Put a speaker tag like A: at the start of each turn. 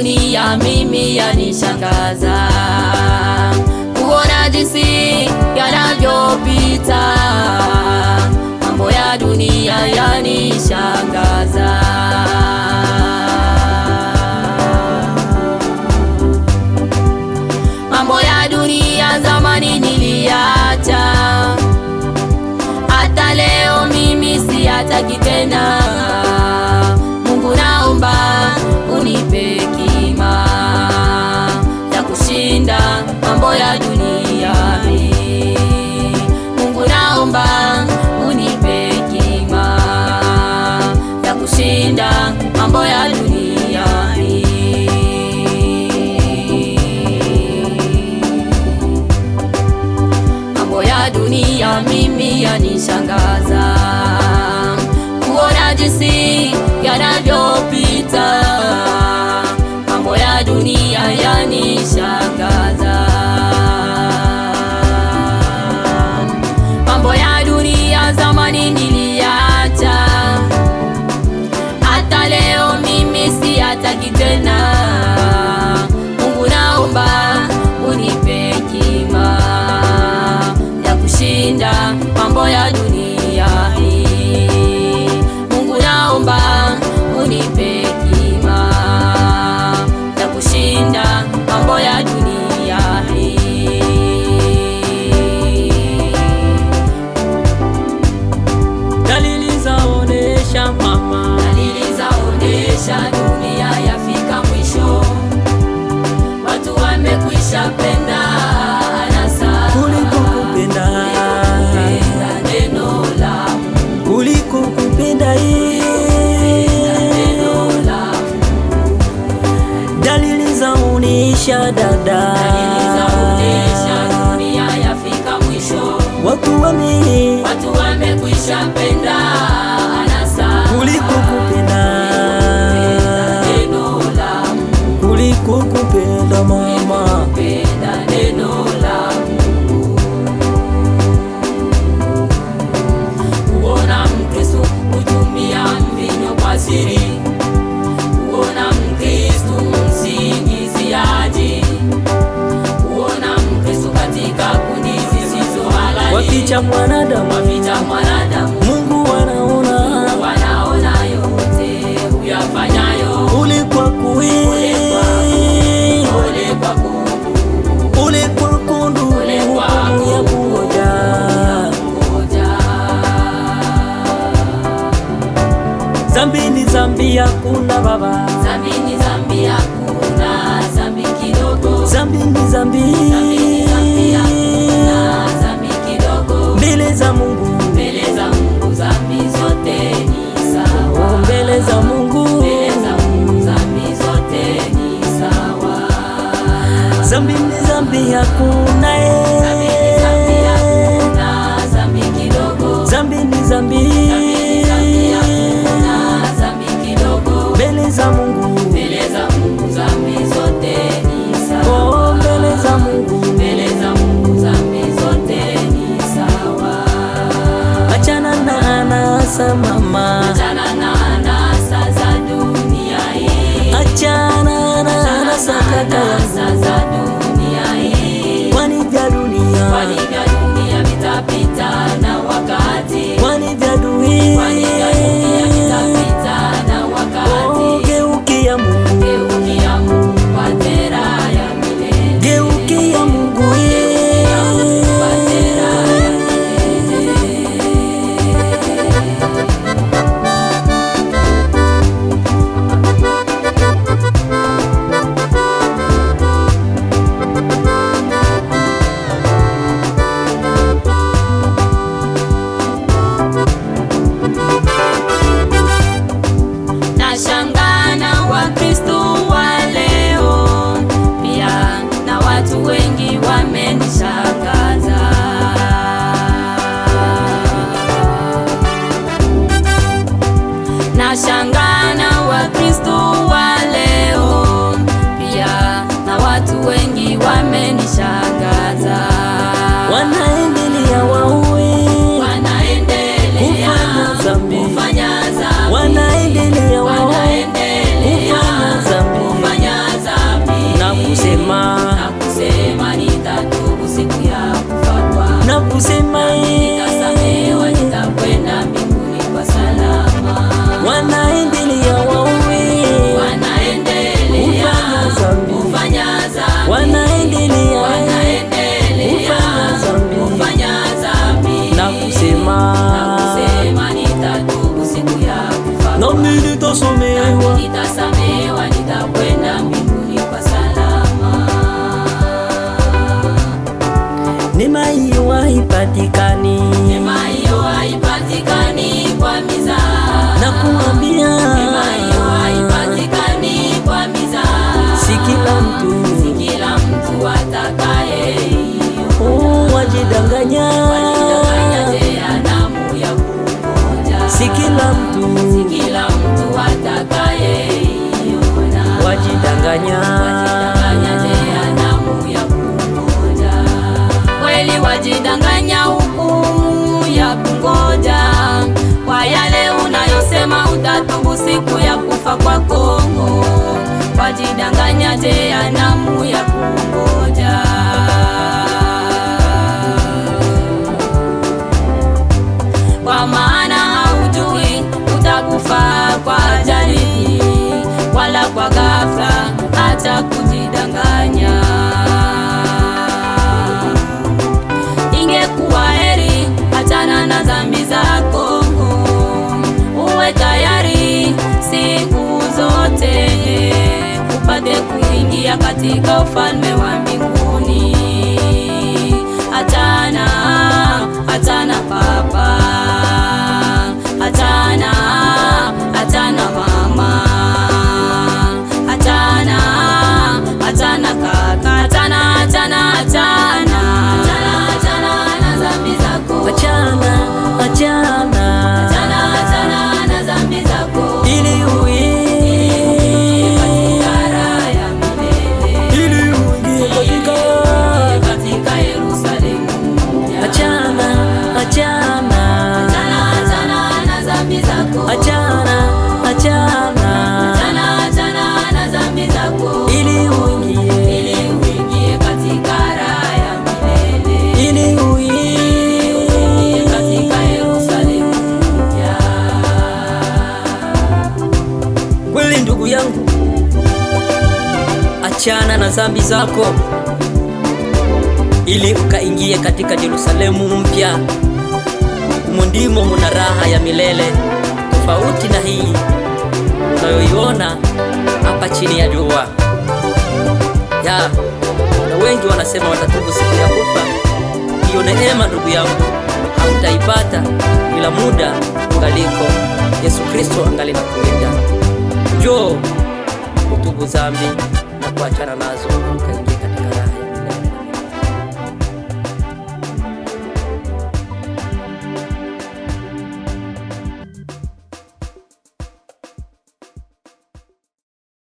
A: dunia mimi yanishangaza kuona jinsi yanavyopita, mambo ya dunia yanishangaza.
B: hakuna baba.
C: Zambi ni zambi hakuna, zambi
B: kidogo. zambi. Zambi
C: ni zambi Mbele za Mungu. Mbele za Mungu zambi ni zambi ni Zambi
B: ni zambi Zambi eh. zambi zambi Zambi zambi.
C: nitasamehewa, nitasamehewa, nitakwenda mbinguni kwa salama.
B: Neema hiyo haipatikani
C: kujidanganya, kweli wajidanganya hukumu ya kungoja. Kwa yale unayosema utatubu siku ya kufa kwako, wajidanganya jehanamu ya kuingia katika ufalme wa mbinguni.
D: ndugu yangu, achana na dhambi zako ili ukaingie katika Yerusalemu mpya. Humo ndimo muna raha ya milele, tofauti na hii unayoiona hapa chini ya jua ya na wengi wanasema watatubu siku ya kufa. Hiyo neema ndugu yangu hautaipata bila muda ungaliko Yesu Kristo angali nakulinda njoo utubu zambi na kuachana nazo.